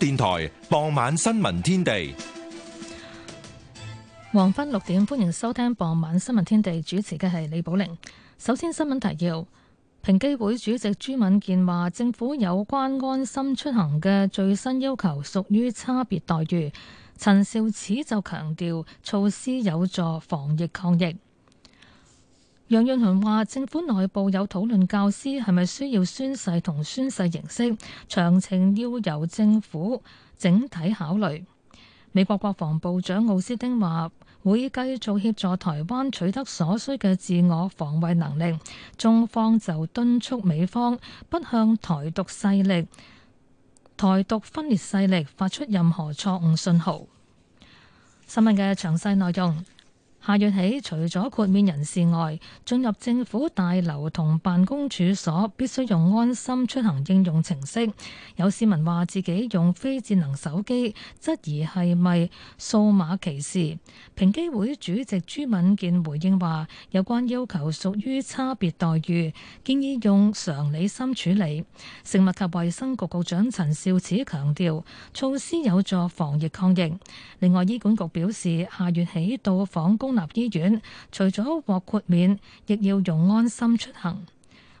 電台傍晚新聞天地，黃昏六點歡迎收聽傍晚新聞天地，主持嘅係李寶玲。首先新聞提要，平機會主席朱敏健話，政府有關安心出行嘅最新要求屬於差別待遇。陳肇始就強調，措施有助防疫抗疫。楊潤雄話：政府內部有討論教師係咪需要宣誓同宣誓形式，詳情要由政府整體考慮。美國國防部長奧斯丁話，會繼續協助台灣取得所需嘅自我防衛能力。中方就敦促美方不向台獨勢力、台獨分裂勢力發出任何錯誤信號。新聞嘅詳細內容。下月起，除咗豁免人士外，進入政府大樓同辦公處所必須用安心出行應用程式。有市民話自己用非智能手機質疑係咪數碼歧視，平機會主席朱敏健回應話有關要求屬於差別待遇，建議用常理心處理。食物及衛生局局長陳肇始強調措施有助防疫抗疫。另外，醫管局表示，下月起到訪公公立醫院除咗獲豁免，亦要用安心出行。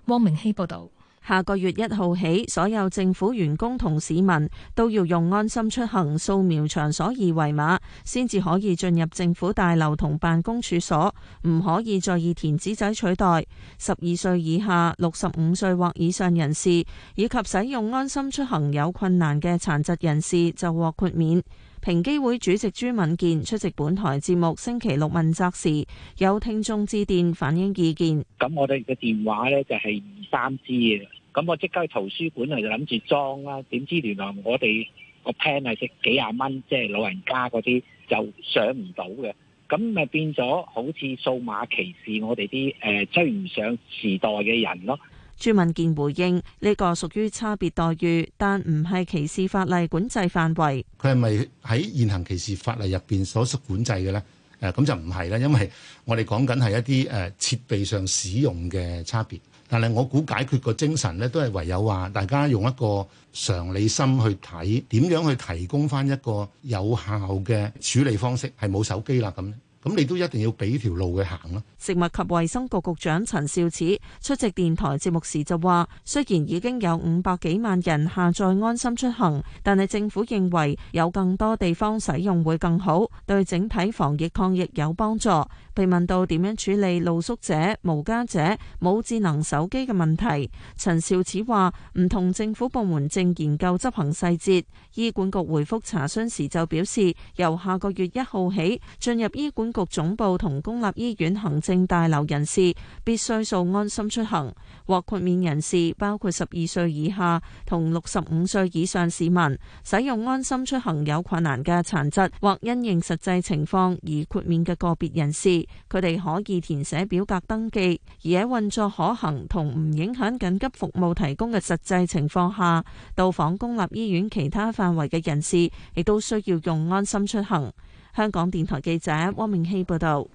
汪明希報道：下個月一號起，所有政府員工同市民都要用安心出行掃描場所二維碼，先至可以進入政府大樓同辦公處所。唔可以再以填紙仔取代。十二歲以下、六十五歲或以上人士，以及使用安心出行有困難嘅殘疾人士，就獲豁免。平機會主席朱敏健出席本台節目星期六問責時，有聽眾致電反映意見。咁我哋嘅電話咧就係二三支嘅，咁我即刻去圖書館嚟，就諗住裝啦。點知原來我哋個 plan 係值幾廿蚊，即係老人家嗰啲，就上唔到嘅。咁咪變咗好似數碼歧視我哋啲誒追唔上時代嘅人咯。朱文健回應：呢個屬於差別待遇，但唔係歧視法例管制範圍。佢係咪喺現行歧視法例入邊所屬管制嘅咧？誒、啊，咁就唔係啦，因為我哋講緊係一啲誒設備上使用嘅差別。但係我估解決個精神咧，都係唯有話大家用一個常理心去睇，點樣去提供翻一個有效嘅處理方式，係冇手機啦咁咁你都一定要俾條路去行囉。食物及衛生局局長陳肇始出席電台節目時就話：雖然已經有五百幾萬人下載安心出行，但係政府認為有更多地方使用會更好，對整體防疫抗疫有幫助。被問到點樣處理露宿者、無家者、冇智能手機嘅問題，陳肇始話：唔同政府部門正研究執行細節。醫管局回覆查詢時就表示，由下個月一號起進入醫管局局總部同公立醫院行政大樓人士必須做安心出行，獲豁免人士包括十二歲以下同六十五歲以上市民，使用安心出行有困難嘅殘疾或因應實際情況而豁免嘅個別人士，佢哋可以填寫表格登記。而喺運作可行同唔影響緊急服務提供嘅實際情況下，到訪公立醫院其他範圍嘅人士亦都需要用安心出行。香港電台記者汪明熙報道，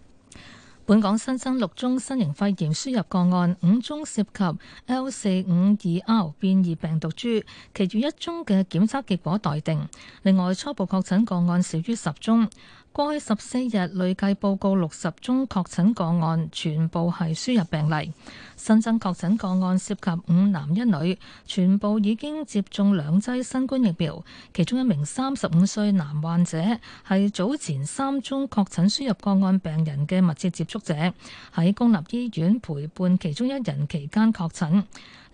本港新增六宗新型肺炎輸入個案，五宗涉及 L 四五二 R 變異病毒株，其餘一宗嘅檢測結果待定。另外，初步確診個案少於十宗。過去十四日累計報告六十宗確診個案，全部係輸入病例。新增確診個案涉及五男一女，全部已經接種兩劑新冠疫苗。其中一名三十五歲男患者係早前三宗確診輸入個案病人嘅密切接觸者，喺公立醫院陪伴其中一人期間確診。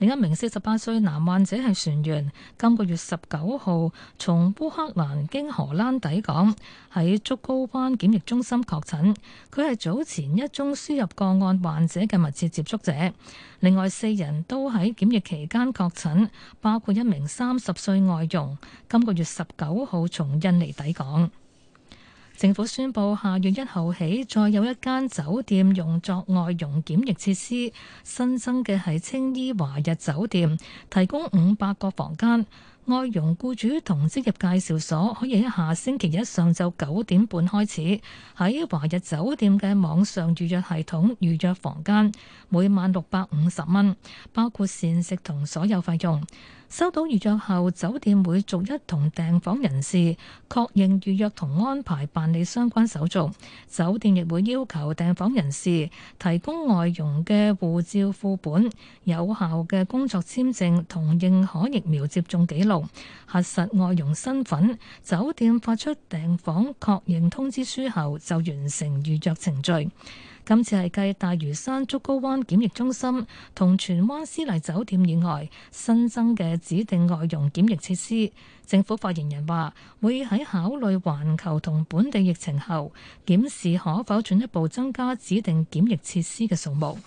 另一名四十八歲男患者係船員，今個月十九號從烏克蘭經荷蘭抵港，喺竹篙灣檢疫中心確診。佢係早前一宗輸入個案患者嘅密切接觸者。另外四人都喺檢疫期間確診，包括一名三十歲外傭，今個月十九號從印尼抵港。政府宣布下月一號起，再有一間酒店用作外傭檢疫設施。新增嘅係青衣華日酒店，提供五百個房間。外傭僱主同職業介紹所可以喺下星期一上晝九點半開始，喺華日酒店嘅網上預約系統預約房間，每晚六百五十蚊，包括膳食同所有費用。收到預約後，酒店會逐一同訂房人士確認預約同安排辦理相關手續。酒店亦會要求訂房人士提供外傭嘅護照副本、有效嘅工作簽證同認可疫苗接種記錄，核實外傭身份。酒店發出訂房確認通知書後，就完成預約程序。今次係繼大嶼山竹篙灣檢疫中心同荃灣絲麗酒店以外新增嘅指定外傭檢疫設施。政府發言人話：會喺考慮環球同本地疫情後，檢視可否進一步增加指定檢疫設施嘅數目。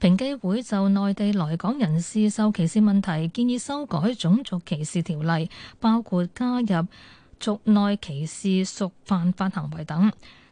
平機會就內地來港人士受歧視問題，建議修改種族歧視條例，包括加入族內歧視屬犯法行為等。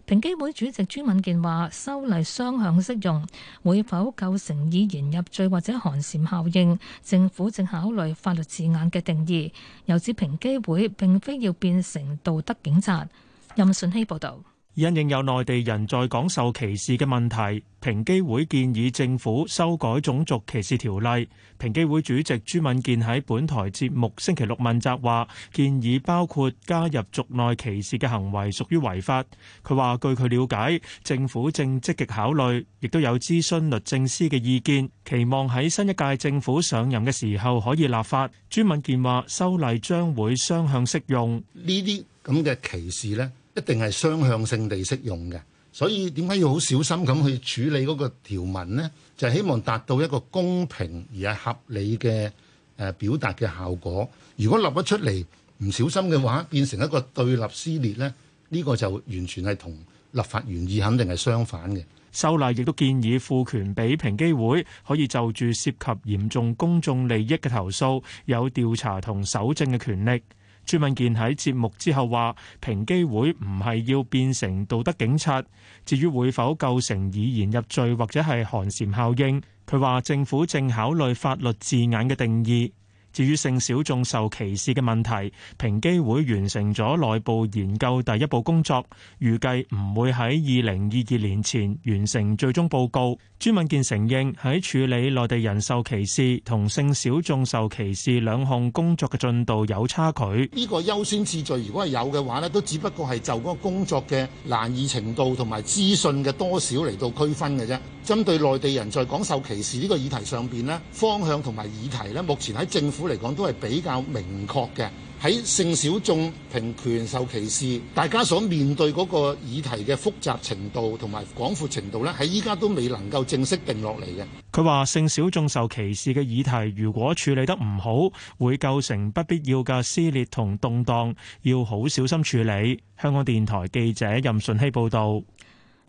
平機會主席朱敏健話，修例雙向適用，會否構成以言入罪或者寒蟬效應？政府正考慮法律字眼嘅定義，又指平機會並非要變成道德警察。任信希報道。因應有內地人在港受歧視嘅問題，平機會建議政府修改種族歧視條例。平機會主席朱敏健喺本台節目星期六問責話：建議包括加入族內歧視嘅行為屬於違法。佢話：據佢了解，政府正積極考慮，亦都有諮詢律政司嘅意見，期望喺新一屆政府上任嘅時候可以立法。朱敏健話：修例將會雙向適用呢啲咁嘅歧視呢？一定係雙向性地適用嘅，所以點解要好小心咁去處理嗰個條文呢？就係、希望達到一個公平而係合理嘅誒表達嘅效果。如果立得出嚟唔小心嘅話，變成一個對立撕裂咧，呢、呢個就完全係同立法原意肯定係相反嘅。修例亦都建議賦權俾平機會，可以就住涉及嚴重公眾利益嘅投訴，有調查同搜證嘅權力。朱敏健喺節目之後話，平機會唔係要變成道德警察。至於會否構成以言入罪或者係寒蟬效應，佢話政府正考慮法律字眼嘅定義。至於性小眾受歧視嘅問題，平機會完成咗內部研究第一步工作，預計唔會喺二零二二年前完成最終報告。朱敏健承認喺處理內地人受歧視同性小眾受歧視兩項工作嘅進度有差距。呢個優先次序如果係有嘅話咧，都只不過係就嗰個工作嘅難易程度同埋資訊嘅多少嚟到區分嘅啫。針對內地人在講受歧視呢個議題上邊咧，方向同埋議題咧，目前喺政府嚟講都係比較明確嘅，喺性小眾平權受歧視，大家所面對嗰個議題嘅複雜程度同埋廣闊程度呢喺依家都未能夠正式定落嚟嘅。佢話：性小眾受歧視嘅議題，如果處理得唔好，會構成不必要嘅撕裂同動盪，要好小心處理。香港電台記者任順希報導。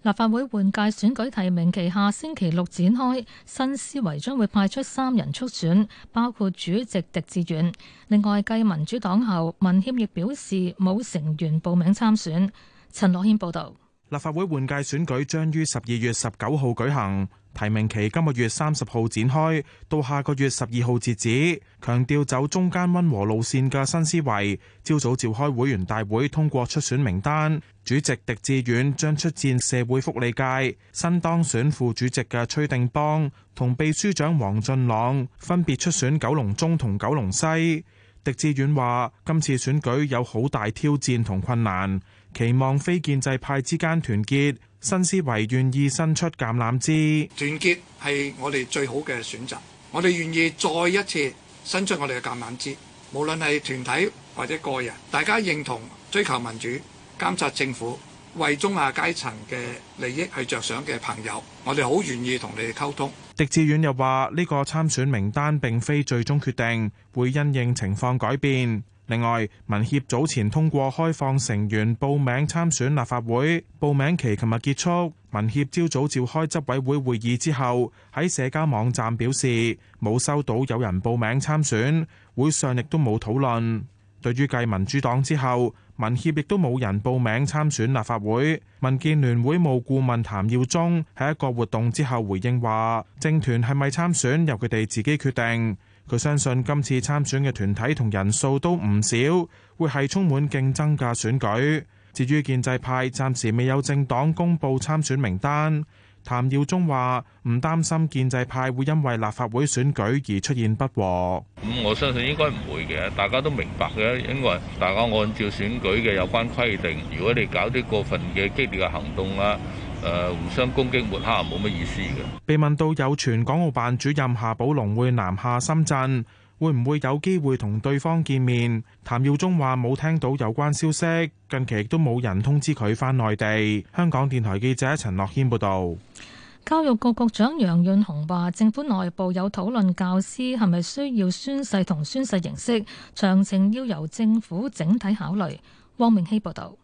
立法會換屆選舉提名期下星期六展開，新思維將會派出三人出選，包括主席狄志遠。另外繼民主黨後，民協亦表示冇成員報名參選。陳樂謙報道。立法會換屆選舉將於十二月十九號舉行，提名期今個月三十號展開，到下個月十二號截止。強調走中間溫和路線嘅新思維，朝早召開會員大會通過出選名單。主席狄志遠將出戰社會福利界，新當選副主席嘅崔定邦同秘書長王俊朗分別出選九龍中同九龍西。狄志遠話：今次選舉有好大挑戰同困難。期望非建制派之間團結，新思維願意伸出橄欖枝。團結係我哋最好嘅選擇，我哋願意再一次伸出我哋嘅橄欖枝，無論係團體或者個人，大家認同追求民主、監察政府、為中下階層嘅利益去着想嘅朋友，我哋好願意同你哋溝通。狄志遠又話，呢個參選名單並非最終決定，會因應情況改變。另外，民協早前通過開放成員報名參選立法會，報名期琴日結束。民協朝早召開執委會會議之後，喺社交網站表示冇收到有人報名參選，會上亦都冇討論。對於繼民主黨之後，民協亦都冇人報名參選立法會，民建聯會務顧問譚耀宗喺一個活動之後回應話：政團係咪參選由佢哋自己決定。佢相信今次參選嘅團體同人數都唔少，會係充滿競爭嘅選舉。至於建制派暫時未有政黨公布參選名單，譚耀宗話唔擔心建制派會因為立法會選舉而出現不和。咁我相信應該唔會嘅，大家都明白嘅，因為大家按照選舉嘅有關規定，如果你搞啲過分嘅激烈嘅行動啦。誒，互相攻擊抹黑冇乜意思嘅。被問到有傳港澳辦主任夏寶龍會南下深圳，會唔會有機會同對方見面？譚耀宗話冇聽到有關消息，近期亦都冇人通知佢返內地。香港電台記者陳樂軒報導。教育局局長楊潤雄話：政府內部有討論教師係咪需要宣誓同宣誓形式，詳情要由政府整體考慮。汪明希報導。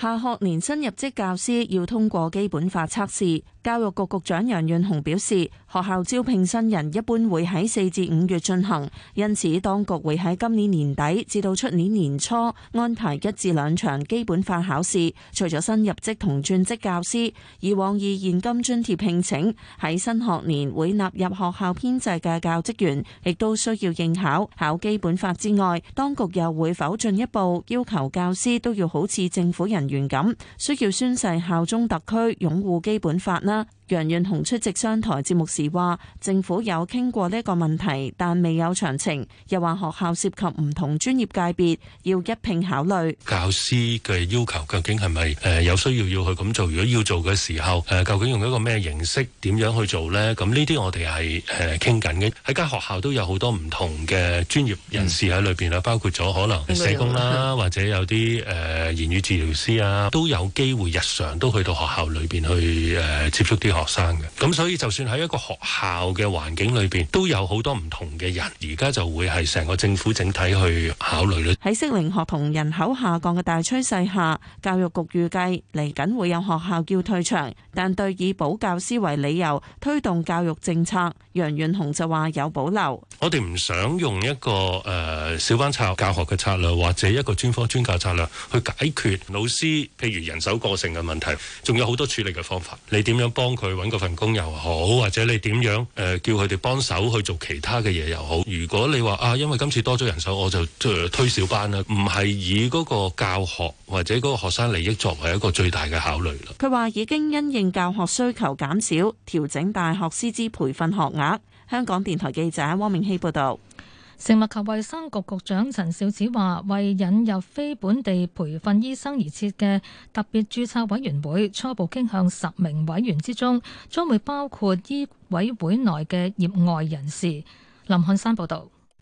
下學年新入職教師要通過基本法測試，教育局局長楊潤雄表示，學校招聘新人一般會喺四至五月進行，因此當局會喺今年年底至到出年年初安排一至兩場基本法考試。除咗新入職同轉職教師，以往以現金津貼聘請喺新學年會納入學校編制嘅教職員，亦都需要應考考基本法之外，當局又會否進一步要求教師都要好似政府人員原感需要宣誓效忠特區、擁護基本法啦。楊潤雄出席商台節目時話，政府有傾過呢個問題，但未有詳情。又話學校涉及唔同專業界別，要一併考慮。教師嘅要求究竟係咪誒有需要要去咁做？如果要做嘅時候，誒究竟用一個咩形式，點樣去做咧？咁呢啲我哋係誒傾緊嘅。喺間學校都有好多唔同嘅專業人士喺裏邊啊，嗯、包括咗可能社工啦，嗯、或者有啲誒言語治療師啊，都有機會日常都去到學校裏邊去誒接觸啲學。學生嘅，咁所以就算喺一個學校嘅環境裏邊，都有好多唔同嘅人。而家就會係成個政府整體去考慮。喺適齡學童人口下降嘅大趨勢下，教育局預計嚟緊會有學校要退場，但對以保教師為理由推動教育政策，楊潤雄就話有保留。我哋唔想用一個誒小班策教學嘅策略，或者一個專科專教策略去解決老師譬如人手過剩嘅問題，仲有好多處理嘅方法。你點樣幫佢？去揾嗰份工又好，或者你點樣誒、呃、叫佢哋幫手去做其他嘅嘢又好。如果你話啊，因為今次多咗人手，我就推小班啦，唔係以嗰個教學或者嗰個學生利益作為一個最大嘅考慮。佢話已經因應教學需求減少，調整大學師資培訓學額。香港電台記者汪明希報道。食物及衛生局局長陳肇始話：為引入非本地培訓醫生而設嘅特別註冊委員會，初步傾向十名委員之中，將會包括醫委會內嘅業外人士。林漢山報導。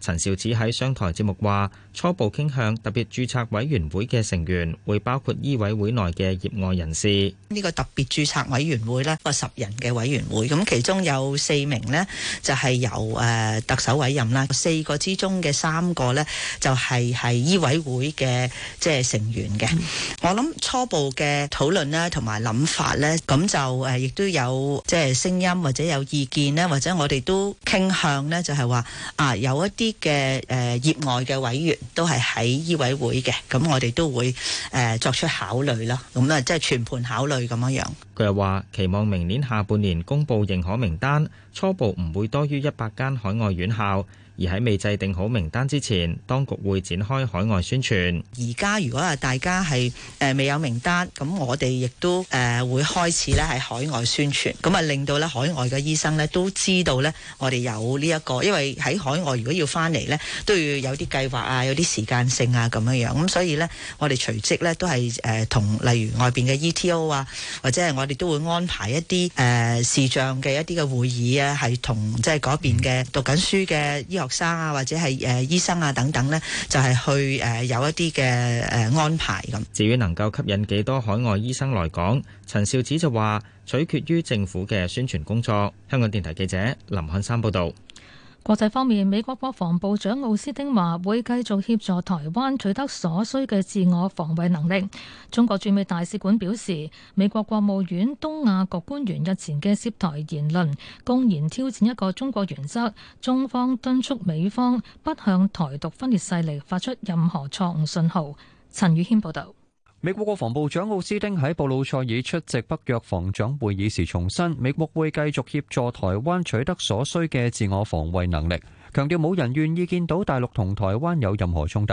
陳肇始喺商台節目話：初步傾向，特別註冊委員會嘅成員會包括醫委會內嘅業外人士。呢個特別註冊委員會咧，個十人嘅委員會，咁、那個，其中有四名咧就係、是、由誒、呃、特首委任啦，四個之中嘅三個咧就係、是、係醫委會嘅即係成員嘅。我諗初步嘅討論咧，同埋諗法咧，咁就誒亦、呃、都有即係聲音或者有意見咧，或者我哋都傾向咧，就係、是、話啊有一啲。嘅誒，業外嘅委員都係喺醫委會嘅，咁我哋都會誒作出考慮咯。咁啊，即係全盤考慮咁樣樣。佢又話期望明年下半年公布認可名單，初步唔會多於一百間海外院校。而喺未制定好名單之前，當局會展開海外宣傳。而家如果係大家係誒未有名單，咁我哋亦都誒會開始咧喺海外宣傳，咁啊令到咧海外嘅醫生咧都知道咧，我哋有呢、這、一個，因為喺海外如果要翻嚟咧，都要有啲計劃啊，有啲時間性啊咁樣樣，咁所以咧，我哋隨即咧都係誒同例如外邊嘅 ETO 啊，或者係我哋都會安排一啲誒、呃、視像嘅一啲嘅會議啊，係同即係嗰邊嘅讀緊書嘅醫學。生啊，或者係誒醫生啊等等咧，就係去誒有一啲嘅、誒安排咁。至於能夠吸引幾多海外醫生來港，陳肇始就話取決於政府嘅宣傳工作。香港電台記者林漢山報道。國際方面，美國國防部長奧斯丁話會繼續協助台灣取得所需嘅自我防衛能力。中國駐美大使館表示，美國國務院東亞局官員日前嘅涉台言論公然挑戰一個中國原則，中方敦促美方不向台獨分裂勢力發出任何錯誤信號。陳宇謙報道。美國國防部長奧斯汀喺布魯塞爾出席北約防長會議時重申，美國會繼續協助台灣取得所需嘅自我防衛能力，強調冇人願意見到大陸同台灣有任何衝突。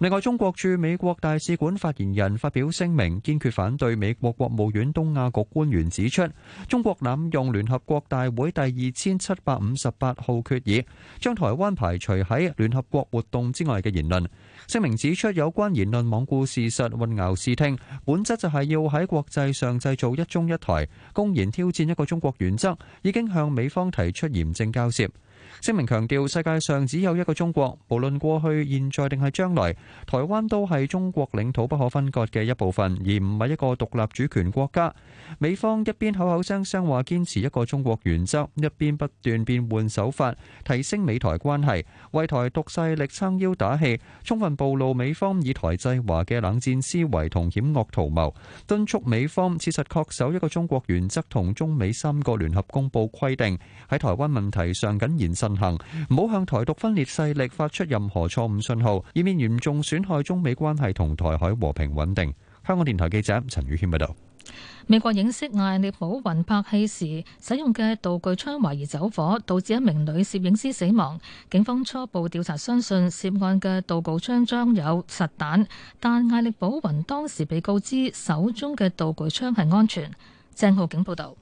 另外，中國駐美國大使館發言人發表聲明，堅決反對美國國務院東亞局官員指出，中國濫用聯合國大會第二千七百五十八號決議，將台灣排除喺聯合國活動之外嘅言論。聲明指出，有關言論罔顧事實，混淆視聽，本質就係要喺國際上製造一中一台，公然挑戰一個中國原則，已經向美方提出嚴正交涉。聲明強調，世界上只有一個中國，無論過去、現在定係將來，台灣都係中國領土不可分割嘅一部分，而唔係一個獨立主權國家。美方一邊口口聲聲話堅持一個中國原則，一邊不斷變換手法，提升美台關係，為台獨勢力撐腰打氣，充分暴露美方以台制華嘅冷戰思維同險惡圖謀，敦促美方切實恪守一個中國原則同中美三個聯合公報規定喺台灣問題上緊嚴守。進行，唔好向台獨分裂勢力發出任何錯誤信號，以免嚴重損害中美關係同台海和平穩定。香港電台記者陳宇軒報導。美國影星艾力保雲拍戲時使用嘅道具槍懷疑走火，導致一名女攝影師死亡。警方初步調查相信涉案嘅道具槍裝有實彈，但艾力保雲當時被告知手中嘅道具槍係安全。鄭浩景報導。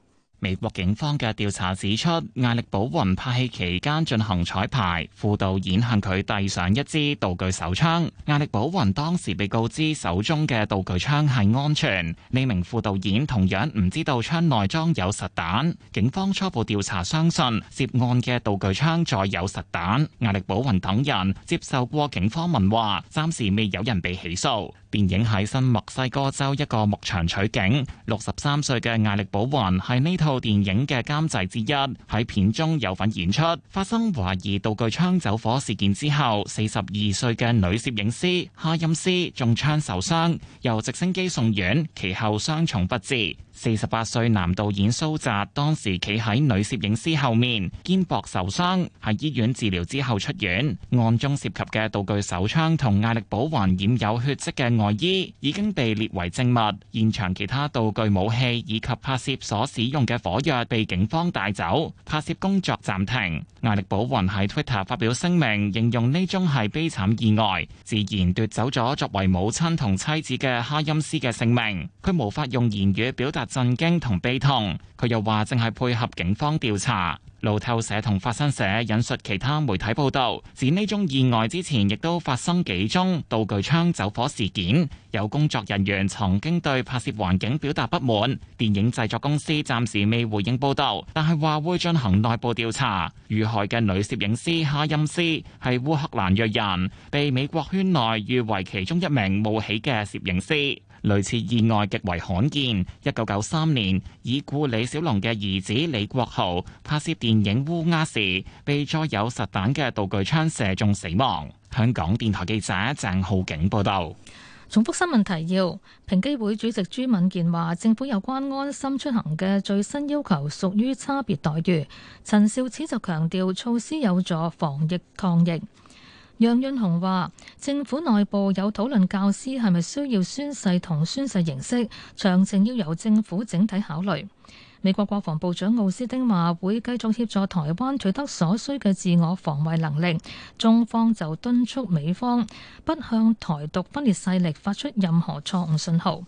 美國警方嘅調查指出，艾力保雲拍戲期間進行彩排，副導演向佢遞上一支道具手槍。艾力保雲當時被告知手中嘅道具槍係安全，呢名副導演同樣唔知道槍內裝有實彈。警方初步調查相信，涉案嘅道具槍載有實彈。艾力保雲等人接受過警方問話，暫時未有人被起訴。電影喺新墨西哥州一個牧場取景，六十三歲嘅艾力保雲係呢套電影嘅監製之一，喺片中有份演出。發生懷疑道具槍走火事件之後，四十二歲嘅女攝影師夏任斯中槍受傷，由直升機送院，其後傷重不治。四十八歲男導演蘇澤當時企喺女攝影師後面，肩膊受傷，喺醫院治療之後出院。案中涉及嘅道具手槍同亞力寶雲染有血跡嘅外衣已經被列為證物。現場其他道具武器以及拍攝所使用嘅火藥被警方帶走，拍攝工作暫停。亞力寶雲喺 Twitter 發表聲明，形容呢宗係悲慘意外，自然奪走咗作為母親同妻子嘅哈欽斯嘅性命。佢無法用言語表達震驚同悲痛，佢又話淨係配合警方調查。路透社同法新社引述其他媒體報導，指呢宗意外之前亦都發生幾宗道具槍走火事件，有工作人員曾經對拍攝環境表達不滿。電影製作公司暫時未回應報道，但係話會進行內部調查。遇害嘅女攝影師哈欽斯係烏克蘭裔人，被美國圈內譽為其中一名冒起嘅攝影師。類似意外極為罕見。一九九三年，已故李小龍嘅兒子李國豪拍攝電電影烏鴉時，被載有實彈嘅道具槍射中死亡。香港電台記者鄭浩景報道。重複新聞提要：平機會主席朱敏健話，政府有關安心出行嘅最新要求屬於差別待遇。陳肇始就強調，措施有助防疫抗疫。楊潤雄話，政府內部有討論教師係咪需要宣誓同宣誓形式，詳情要由政府整體考慮。美國國防部長奧斯丁話會繼續協助台灣取得所需嘅自我防衛能力。中方就敦促美方不向台獨分裂勢力發出任何錯誤信號。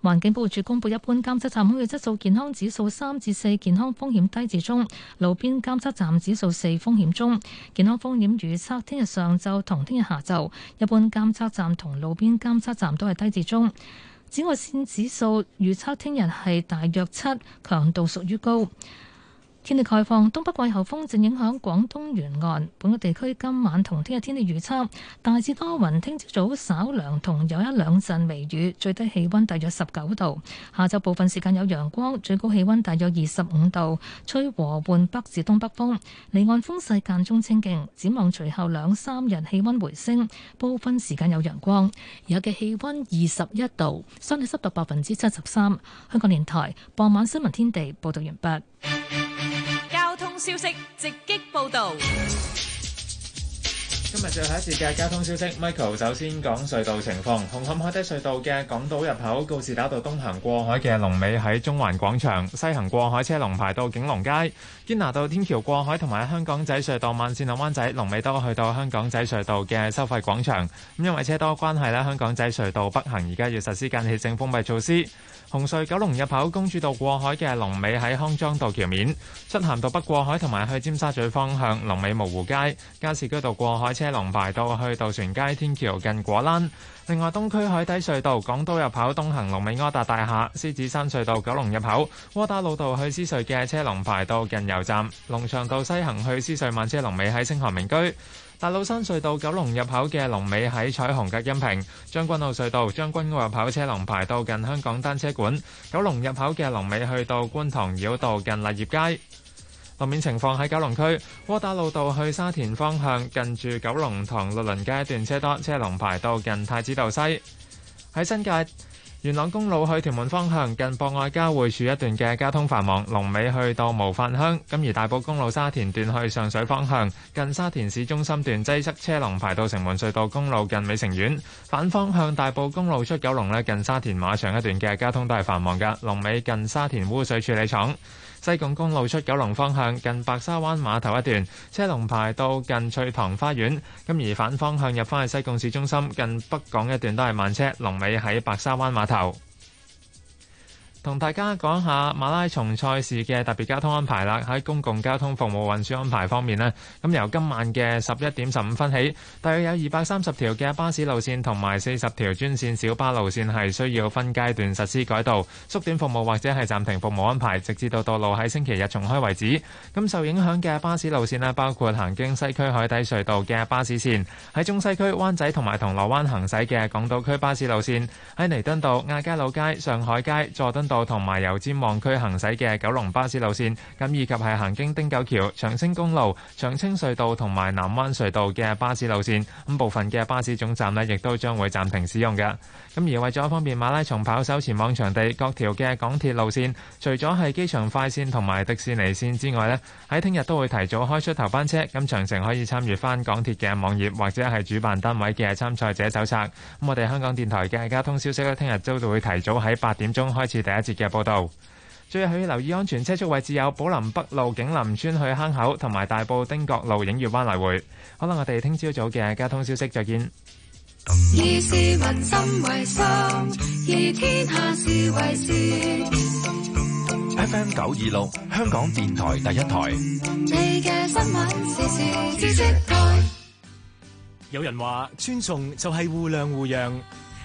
環境保護署公布一般監測站空氣質素健康指數三至四，健康風險低至中；路邊監測站指數四，風險中，健康風險預測聽日上晝同聽日下晝，一般監測站同路邊監測站都係低至中。紫外線指數預測聽日係大約七，強度屬於高。天氣概況，東北季候風正影響廣東沿岸。本港地區今晚同聽日天氣預測大致多雲，聽朝早稍涼，同有一兩陣微雨，最低氣温大約十九度。下晝部分時間有陽光，最高氣温大約二十五度，吹和緩北至東北風。離岸風勢間中清勁。展望隨後兩三日氣温回升，部分時間有陽光，而家嘅氣温二十一度，相對濕度百分之七十三。香港電台傍晚新聞天地報道完畢。消息直擊報道。今日最後一節嘅交通消息，Michael 首先講隧道情況。紅磡海底隧道嘅港島入口告士打道東行過海嘅龍尾喺中環廣場，西行過海車龍排到景隆街。堅拿道天橋過海同埋香港仔隧道慢綫南灣仔龍尾都去到香港仔隧道嘅收費廣場。咁因為車多關係咧，香港仔隧道北行而家要實施間歇性封閉措施。紅隧九龍入口公主道過海嘅龍尾喺康莊道橋面，漆咸道北過海同埋去尖沙咀方向龍尾蕪湖街，加士居道過海車龍排到去渡船街天橋近果欄。另外，東區海底隧道港島入口東行龍尾柯達大廈，獅子山隧道九龍入口窩打老道去獅隧嘅車龍排到近油站，龍翔道西行去獅隧慢車龍尾喺星河名居。大老山隧道九龍入口嘅龍尾喺彩虹隔音屏將軍澳隧道將軍澳入口車龍排到近香港單車館，九龍入口嘅龍尾去到觀塘繞道近立業街。路面情況喺九龍區窩打老道去沙田方向近住九龍塘綠林街一段車多，車龍排到近太子道西。喺新界。元朗公路去屯門方向，近博愛交匯處一段嘅交通繁忙，龍尾去到模範鄉。咁而大埔公路沙田段去上水方向，近沙田市中心段擠塞，車龍排到城門隧道公路近美城苑。反方向大埔公路出九龍呢，近沙田馬場一段嘅交通都係繁忙嘅，龍尾近沙田污水處理廠。西貢公路出九龍方向，近白沙灣碼頭一段車龍排到近翠塘花園，咁而反方向入返去西貢市中心，近北港一段都係慢車，龍尾喺白沙灣碼頭。同大家講下馬拉松賽事嘅特別交通安排啦。喺公共交通服務運輸安排方面呢，咁由今晚嘅十一點十五分起，大約有二百三十條嘅巴士路線同埋四十條專線小巴路線係需要分階段實施改道、縮短服務或者係暫停服務安排，直至到道路喺星期日重開為止。咁受影響嘅巴士路線咧，包括行經西區海底隧道嘅巴士線，喺中西區灣仔同埋銅鑼灣行駛嘅港島區巴士路線，喺彌敦道、亞皆老街、上海街、佐敦道，同埋由尖旺區行駛嘅九龍巴士路線，咁以及係行經汀九橋、長青公路、長青隧道同埋南灣隧道嘅巴士路線，咁部分嘅巴士總站咧，亦都將會暫停使用嘅。咁而為咗方便馬拉松跑手前往場地，各條嘅港鐵路線，除咗係機場快線同埋迪士尼線之外咧，喺聽日都會提早開出頭班車。咁詳情可以參閱翻港鐵嘅網頁或者係主辦單位嘅參賽者手冊。咁我哋香港電台嘅交通消息咧，聽日朝早都會提早喺八點鐘開始第一。節嘅報道，最後要留意安全車速位置，有寶林北路景林村去坑口，同埋大埔汀角路映月灣來回。可能我哋聽朝早嘅交通消息再見。以市民心為心，以天下事為事。FM 九二六， 26，香港電台第一台。你嘅新聞時事知識台。有人話尊重就係互諒互讓。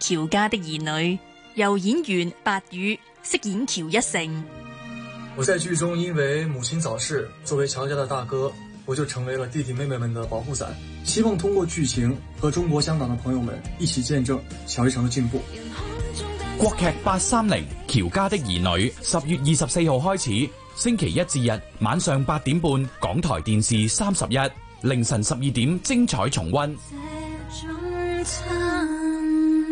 喬家的兒女由演員白宇飾演喬一成。我在劇中因為母親早逝，作為喬家的大哥，我就成為了弟弟妹妹們的保護傘。希望通過劇情和中國香港的朋友們一起見證喬一成的進步。國劇八三零《喬家的兒女》，十月二十四號開始，星期一至日晚上八點半，港台電視三十一，凌晨十二點精彩重溫。